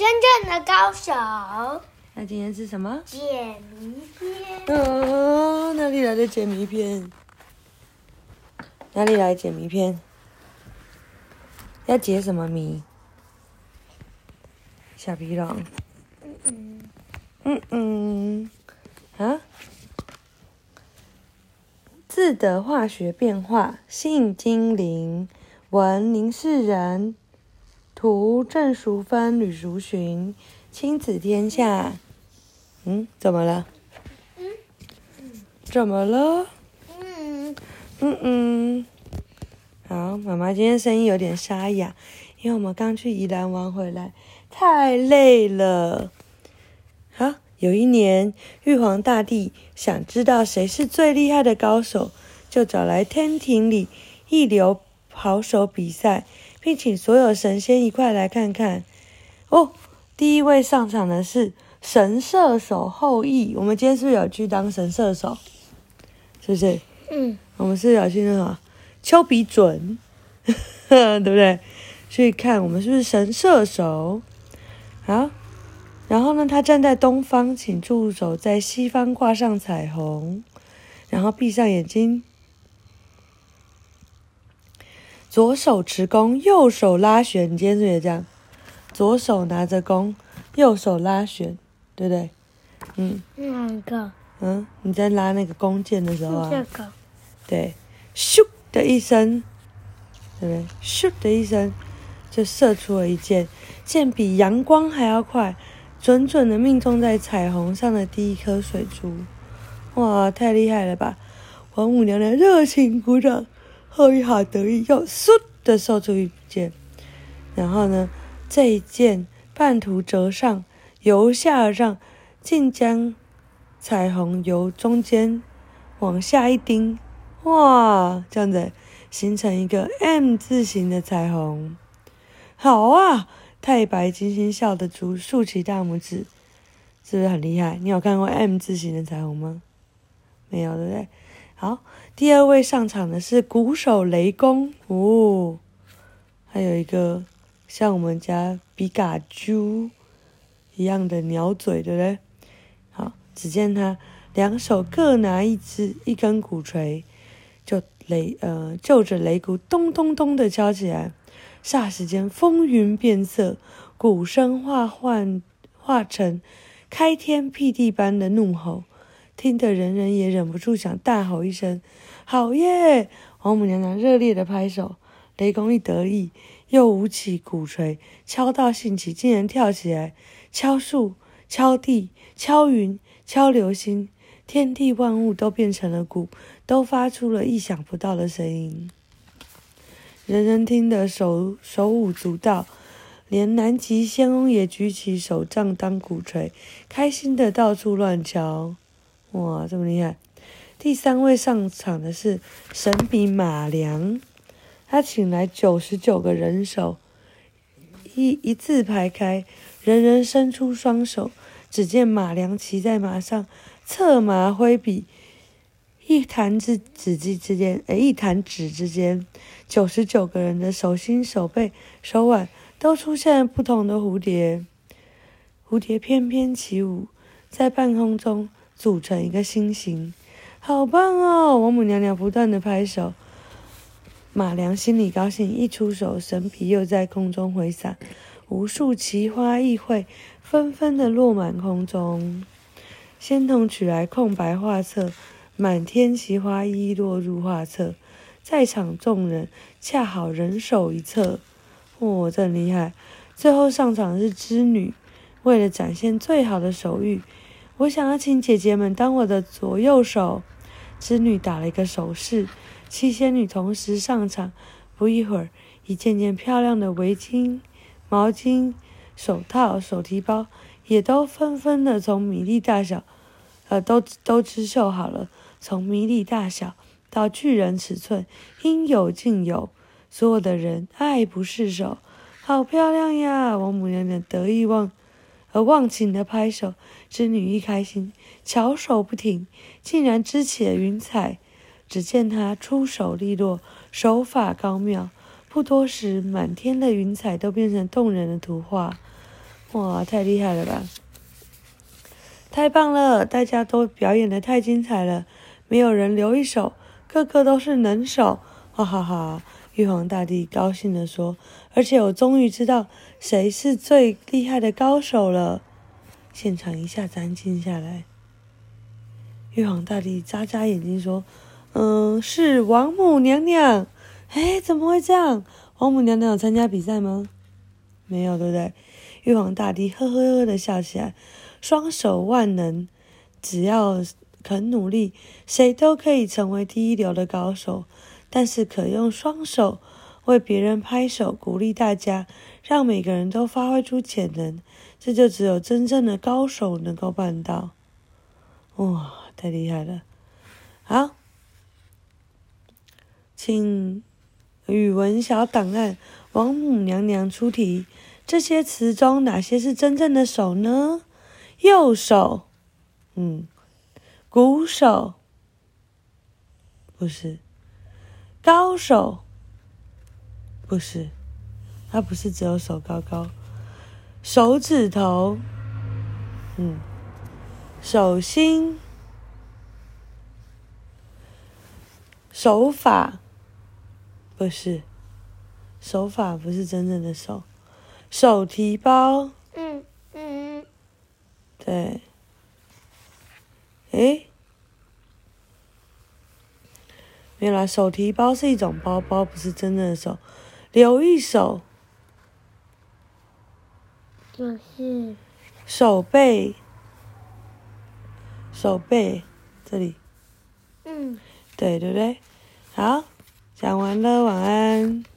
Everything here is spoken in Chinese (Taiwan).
真正的高手。那今天是什麼？解謎篇。哦，哪裡來的解謎篇？哪裡來的解謎篇？要解什麼謎？小皮囊。嗯嗯嗯嗯啊！字的化學變化，信精靈，文林世也。圖鄭淑芬呂淑恂，親子天下。嗯，怎麼了？嗯、怎麼了嗯？嗯嗯。好，媽媽今天聲音有點沙啞，因為我們剛去宜蘭玩回來，太累了。好，有一年，玉皇大帝想知道誰是最厲害的高手，就找來天庭裡一流好手比賽。聘請所有神仙一塊來看看哦。第一位上場的是神射手后羿。我們今天是不是有去當神射手？是不是？嗯。我們是，是有去那種啊，丘比準， 對不對？去看我們是不是神射手啊？然後呢，他站在東方，請助手在西方掛上彩虹，然後閉上眼睛。左手持弓，右手拉弦，你今天是不是也這樣，左手拿着弓，右手拉弦，對不對？嗯。哪、那個？嗯，你在拉那個弓箭的時候啊。這個。對，咻的一聲，對不對？咻的一聲，就射出了一箭，箭比陽光還要快，準準的命中在彩虹上的第一顆水珠。哇，太厲害了吧！王母娘娘熱情鼓掌。後一哈得意，哦，又嗖地射出一箭，然後呢，這一箭半途折上，由下而上，竟將彩虹由中間往下一釘，哇，這樣子形成一個 M 字形的彩虹，好啊！太白金星笑得直豎起大拇指，是不是很厲害？你有看過 M 字形的彩虹嗎？沒有，對不對？好，第二位上場的是鼓手雷公哦，還有一個像我們家比嘎豬一樣的鳥嘴，對不對？好，只見他兩手各拿一只一根鼓槌，就雷呃，就着雷鼓咚咚咚咚的敲起來，霎時間風雲變色，鼓聲化幻化成開天闢地般的怒吼。聽得人人也忍不住想大吼一聲：“好耶！”王母娘娘熱烈地拍手，雷公一得意，又舞起鼓槌，敲到興起，竟然跳起來敲樹、敲地、敲雲、敲流星，天地萬物都變成了鼓，都發出了意想不到的聲音。人人聽得手手舞足蹈，連南極仙翁也舉起手杖當鼓槌，開心的到處亂敲。哇，這麼厲害！第三位上場的是神筆馬良，他請來九十九個人手，一一字排開，人人伸出雙手。只見馬良騎在馬上，策馬揮筆，一彈指指尖之間，誒，一彈指之間，九十九個人的手心、手背、手腕都出現了不同的蝴蝶，蝴蝶翩翩翩起舞，在半空中，組成一個心形，好棒哦！王母娘娘不斷的拍手，馬良心裡高興，一出手，神筆又在空中揮灑，無數奇花異卉紛紛的落滿空中。仙童取來空白畫冊，滿天奇花一一落入畫冊，在場眾人恰好人手一冊，哇、哦，真厲害！最後上場的是織女，為了展現最好的手藝我想要請姐姐們當我的左右手。織女打了一個手勢，七仙女同時上場。不一會兒，一件件漂亮的圍巾、毛巾、手套、手提包也都紛紛的從米粒大小，呃，都都織繡好了。從米粒大小到巨人尺寸，應有盡有。所有的人愛不釋手，好漂亮呀！王母娘娘得意忘。而忘情的拍手，織女一開心，巧手不停，竟然織起了雲彩。只見她出手利落，手法高妙，不多時，滿天的雲彩都變成動人的圖畫。哇，太厲害了吧！太棒了，大家都表演得太精彩了，沒有人留一手，個個都是能手，哈哈哈。玉皇大帝高興地說：“而且我終於知道誰是最厲害的高手了。”現場一下子安靜下來。玉皇大帝眨眨眼睛說：“嗯，是王母娘娘。哎，怎麼會這樣？王母娘娘有參加比賽嗎？沒有，對不對？”玉皇大帝呵呵呵地笑起來：“雙手萬能，只要肯努力，誰都可以成為第一流的高手。”但是可用雙手為別人拍手，鼓勵大家，讓每個人都發揮出潛能。這就只有真正的高手能夠辦到。哇，太厲害了！好，請語文小檔案王母娘娘出題：這些詞中哪些是真正的手呢？右手，嗯，鼓手，不是。高手，不是，他不是只有手高高，手指頭，嗯，手心，手法，不是，手法不是真正的手，手提包，嗯嗯，對，誒。原來手提包是一種包包，不是真正的手。留一手，就是手背，手背這裡，嗯，對對不對？好，講完了，晚安。